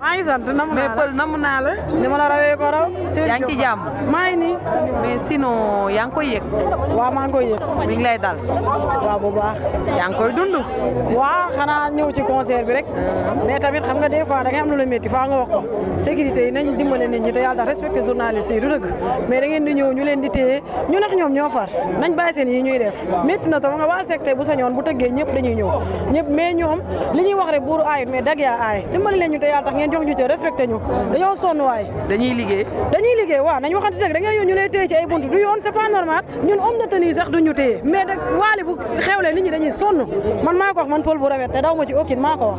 maa ngi sant na naa la mais naa la. ni ma la rawee ko raw. yaa jàmm. maa ngi nii. mais sinon yaa ngi koy yëg. waaw maa ngi koy yëg. mi ngi lay dal. waaw bu baax. yaa ngi koy dund. waaw xanaa ñëw ci concert bi rek. Hmm. mais tamit xam nga des fois da ngay lu la métti faa nga wax ko. sécurité yi nañ dimbale nit ñi te yàlla daal respecté journaliste yi du dëgg. mais da di ñëw ñu leen di téye ñu nag ñoom ñoo far. nañ bàyyi seen yi ñuy def. métti na tam nga waa secte bu sañoon bu tëggee ñëpp dañuy ñëw. ñëpp mais ñoom li ñuy wax rek buuru aayut ñu te yàlla tax ngeen jox ñu te respecté ñu dañoo sonn waay dañuy liggéey dañuy liggéey waaw nañ waxante dëgg da ngay ñëw ñu lay téye ci ay bunt du yoon c'est pas normal ñun homme de tenue sax duñu téye mais da waali bu xewlee nit ñi dañuy sonn man maa ko wax man Paul bu rafet te daw ma ci okkin maa ko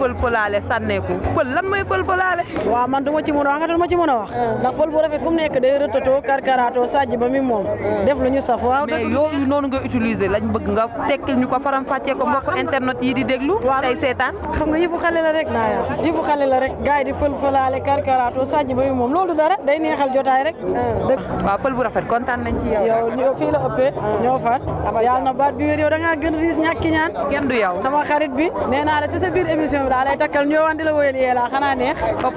fël-fëlaale sànneeku pël lan fël-fëlaale waaw man du ci mën a wax nga du ma ci mën a wax ah. ndax pël bu rafet fu mu nekk day rëtatoo karkaraatoo sàjj ah. nga utiliser lañ bëgg nga tekkil ko faram fàccee ko mbokk yi di déglu tey seetaan xam nga yëfu xale la rek naa la rek gars yi di fël-fëlaale karkaraatoo sàjj ba mi moom loolu dara day neexal jotaay rek ah. dëgg waaw pël bu rafet kontaan nañ ci yow yow fii la ëppee ñoo faat yàlla na baat bi wér yow da ngaa gën riis ñàkki ñaan kenn du yow sama xarit bi nee naa la ci sa biir émission laa lay takkal ñëw andi la wóyal yee laa xanaa neex